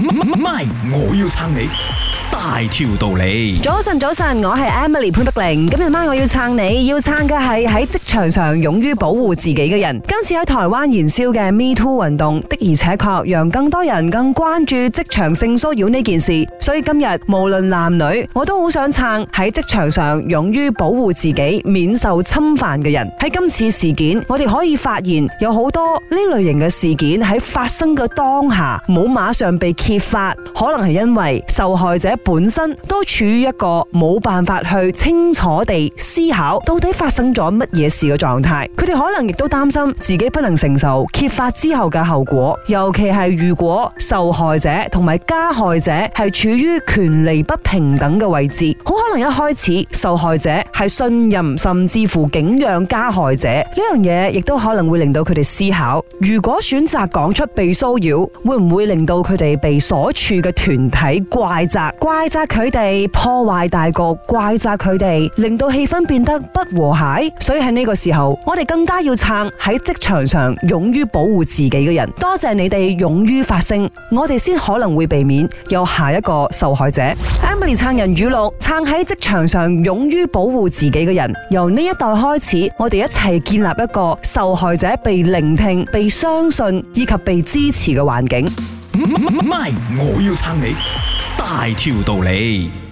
唔，唔，Y，我要撐你。大條道理，早晨早晨，我係 Emily 潘德玲。今日晚我要撐你，要撐嘅係喺職場上勇於保護自己嘅人。今次喺台灣燃燒嘅 Me Too 運動的而且確讓更多人更關注職場性騷擾呢件事。所以今日無論男女，我都好想撐喺職場上勇於保護自己免受侵犯嘅人。喺今次事件，我哋可以發現有好多呢類型嘅事件喺發生嘅當下冇馬上被揭發，可能係因為受害者。本身都處於一個冇辦法去清楚地思考到底發生咗乜嘢事嘅狀態，佢哋可能亦都擔心自己不能承受揭發之後嘅後果，尤其係如果受害者同埋加害者係處於權力不平等嘅位置。可能一開始受害者係信任甚至乎景仰加害者呢樣嘢，亦都可能會令到佢哋思考：如果選擇講出被騷擾，會唔會令到佢哋被所處嘅團體怪責？怪責佢哋破壞大局，怪責佢哋令到氣氛變得不和諧。所以喺呢個時候，我哋更加要撐喺職場上勇於保護自己嘅人。多謝你哋勇於發聲，我哋先可能會避免有下一個受害者。Emily 撐人語錄：撐喺。喺職場上勇於保護自己嘅人，由呢一代開始，我哋一齊建立一個受害者被聆聽、被相信以及被支持嘅環境。我要撐你，大條道理。